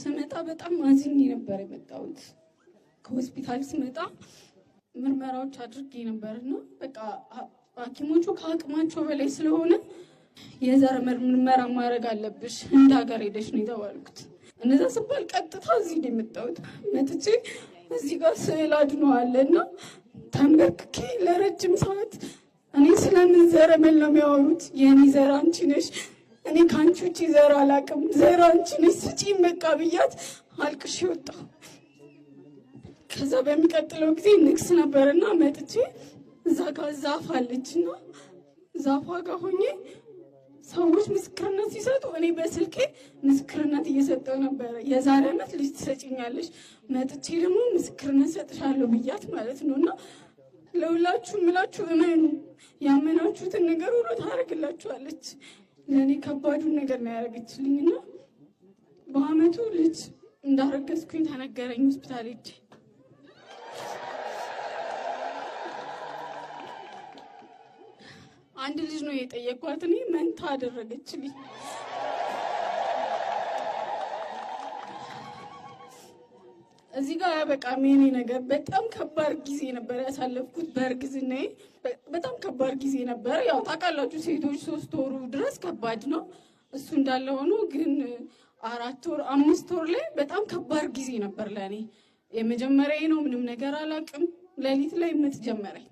ስመጣ በጣም አዝኜ ነበር የመጣሁት። ከሆስፒታል ስመጣ ምርመራዎች አድርጌ ነበር እና በቃ ሐኪሞቹ ከአቅማቸው በላይ ስለሆነ የዘር ምርመራ ማድረግ አለብሽ እንደ ሀገር ሄደሽ ነው የተባልኩት። እነዛ ስባል ቀጥታ እዚህ ነው የመጣሁት። መጥቼ እዚህ ጋር ስዕል አድኖ እና ተንበርክኬ ለረጅም ሰዓት እኔ ስለምን ዘረመን ነው የሚያወሩት የኔ ዘር አንቺ ነሽ እኔ ከአንቺ ውጭ ዘር አላቅም ዘር አንቺ ነሽ ስጪኝ በቃ ብያት አልቅሽ ወጣ። ከዛ በሚቀጥለው ጊዜ ንግስ ነበርና መጥቼ እዛ ጋ ዛፍ አለችና ዛፏ ጋ ሆኜ ሰዎች ምስክርነት ሲሰጡ እኔ በስልኬ ምስክርነት እየሰጠው ነበረ። የዛሬ ዓመት ልጅ ትሰጭኛለች መጥቼ ደግሞ ምስክርነት ሰጥሻለሁ ብያት ማለት ነው እና ለሁላችሁ ምላችሁ እመኑ፣ ያመናችሁትን ነገር ሁሉ ታደርግላችኋለች። ለእኔ ከባዱን ነገር ነው ያደረገችልኝ እና በአመቱ ልጅ እንዳረገዝኩኝ ተነገረኝ። ሆስፒታል ሄጄ አንድ ልጅ ነው የጠየኳት፣ እኔ መንታ አደረገችልኝ። እዚህ ጋር በቃ የኔ ነገር በጣም ከባድ ጊዜ ነበር ያሳለፍኩት። በእርግዝናዬ በጣም ከባድ ጊዜ ነበር። ያው ታውቃላችሁ ሴቶች ሶስት ወሩ ድረስ ከባድ ነው። እሱ እንዳለ ሆኖ ግን አራት ወር አምስት ወር ላይ በጣም ከባድ ጊዜ ነበር ለእኔ። የመጀመሪያ ነው፣ ምንም ነገር አላውቅም። ሌሊት ላይ የምትጀመረኝ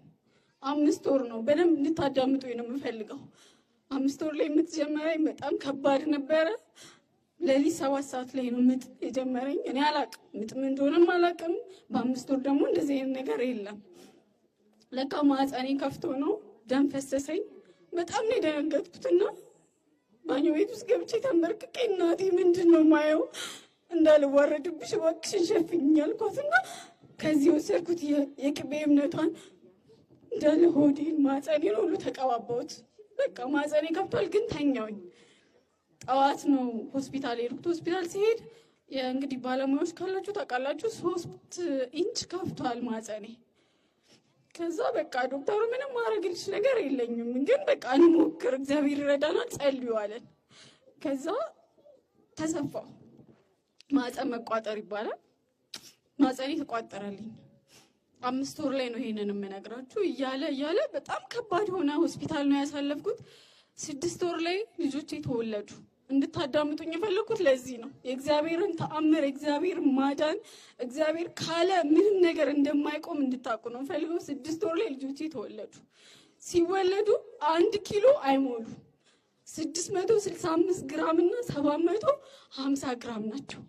አምስት ወር ነው። በደንብ እንድታዳምጡ ነው የምፈልገው። አምስት ወር ላይ የምትጀመረኝ በጣም ከባድ ነበረ። ሌሊት ሰባት ሰዓት ላይ ነው ምጥ የጀመረኝ። እኔ አላቅም ምጥም እንደሆነም አላቅም። በአምስት ወር ደግሞ እንደዚህ አይነት ነገር የለም። ለካ ማህፀኔ ከፍቶ ነው ደም ፈሰሰኝ። በጣም ነው የደነገጥኩትና ባኞ ቤት ውስጥ ገብቼ ተንበርክቄ እናቴ ምንድን ነው ማየው እንዳልዋረድብሽ እባክሽን ሸፍኝ አልኳትና ከዚህ ወሰድኩት የቅቤ እምነቷን እንዳለ ሆዴን ማህፀኔን ሁሉ ተቀባባሁት። በቃ ማህፀኔ ከፍቷል ግን ተኛውኝ ጠዋት ነው ሆስፒታል የሄድኩት። ሆስፒታል ሲሄድ እንግዲህ ባለሙያዎች ካላችሁ ታውቃላችሁ፣ ሶስት ኢንች ከፍቷል ማፀኔ። ከዛ በቃ ዶክተሩ ምንም ማድረግልሽ ነገር የለኝም ግን በቃ እንሞክር፣ እግዚአብሔር ይረዳናል፣ ጸልዩ አለን። ከዛ ተሰፋው ማፀን መቋጠር ይባላል። ማጸኔ ተቋጠረልኝ። አምስት ወር ላይ ነው ይሄንን የምነግራችሁ። እያለ እያለ በጣም ከባድ የሆነ ሆስፒታል ነው ያሳለፍኩት። ስድስት ወር ላይ ልጆቼ ተወለዱ። እንድታዳምጡኝ የፈለግኩት ለዚህ ነው። የእግዚአብሔርን ተአምር፣ እግዚአብሔር ማዳን፣ እግዚአብሔር ካለ ምንም ነገር እንደማይቆም እንድታውቁ ነው ፈልገው። ስድስት ወር ላይ ልጆቼ ተወለዱ። ሲወለዱ አንድ ኪሎ አይሞሉ አምስት ግራም እና ሀምሳ ግራም ናቸው።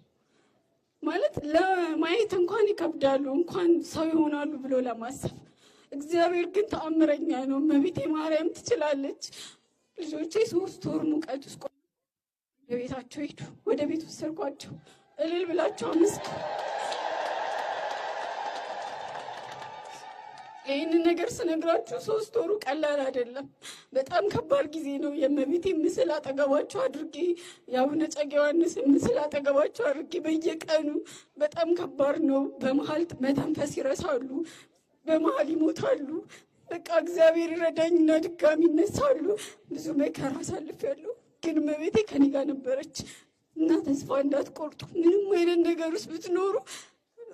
ማለት ለማየት እንኳን ይከብዳሉ፣ እንኳን ሰው ይሆናሉ ብሎ ለማሰብ። እግዚአብሔር ግን ተአምረኛ ነው። እመቤቴ ማርያም ትችላለች። ልጆቼ ሶስት ወር ሙቀት ውስጥ ቤታቸው ሄዱ። ወደ ቤት ወሰድኳቸው። እልል ብላቸው አምስት ይህንን ነገር ስነግራችሁ ሶስት ወሩ ቀላል አይደለም። በጣም ከባድ ጊዜ ነው። የእመቤቴ ምስል አጠገባቸው አድርጌ የአቡነ ጸጌ ዮሐንስን ምስል አጠገባቸው አድርጌ በየቀኑ በጣም ከባድ ነው። በመሀል መተንፈስ ይረሳሉ፣ በመሀል ይሞታሉ። በቃ እግዚአብሔር ይረዳኝና ድጋሚ ይነሳሉ። ብዙ መከራ አሳልፌያለሁ። ግን መቤቴ ከኔ ጋር ነበረች እና ተስፋ እንዳትቆርጡ። ምንም አይነት ነገር ውስጥ ብትኖሩ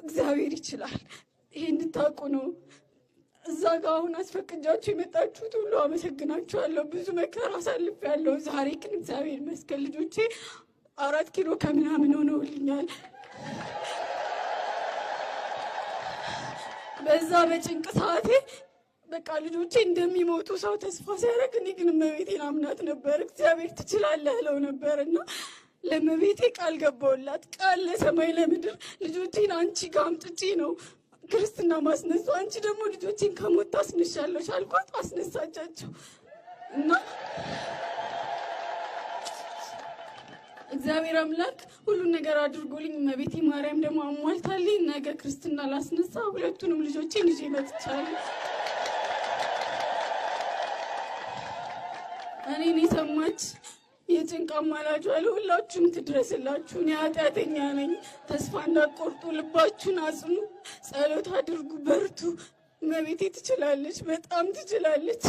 እግዚአብሔር ይችላል። ይሄ እንድታውቁ ነው። እዛ ጋ አሁን አስፈቅጃችሁ የመጣችሁት ሁሉ አመሰግናችኋለሁ። ብዙ መከራ ያለው ዛሬ ግን እግዚአብሔር ይመስገን ልጆቼ አራት ኪሎ ከምናምን ሆነውልኛል። በዛ በጭንቅ ሰዓቴ በቃ ልጆቼ እንደሚሞቱ ሰው ተስፋ ሲያደርግ፣ እኔ ግን እመቤቴን አምናት ነበር። እግዚአብሔር ትችላለህ ለው ነበር እና ለመቤቴ ቃል ገባውላት ቃል ለሰማይ ለምድር ልጆቼን አንቺ ጋር አምጥቼ ነው ክርስትና ማስነሱ፣ አንቺ ደግሞ ልጆቼን ከሞት ታስነሻለች አልኳት። አስነሳቻቸው እና እግዚአብሔር አምላክ ሁሉን ነገር አድርጎልኝ እመቤቴ ማርያም ደግሞ አሟልታልኝ ነገ ክርስትና ላስነሳ ሁለቱንም ልጆቼን ይዤ መጥቻለሁ። እኔን የሰማች የጭንቅ አማላጇ ለሁላችሁም ትድረስላችሁ። እኔ ኃጢአተኛ ነኝ። ተስፋ እንዳትቆርጡ፣ ልባችሁን አጽኑ፣ ጸሎት አድርጉ፣ በርቱ። መቤቴ ትችላለች፣ በጣም ትችላለች።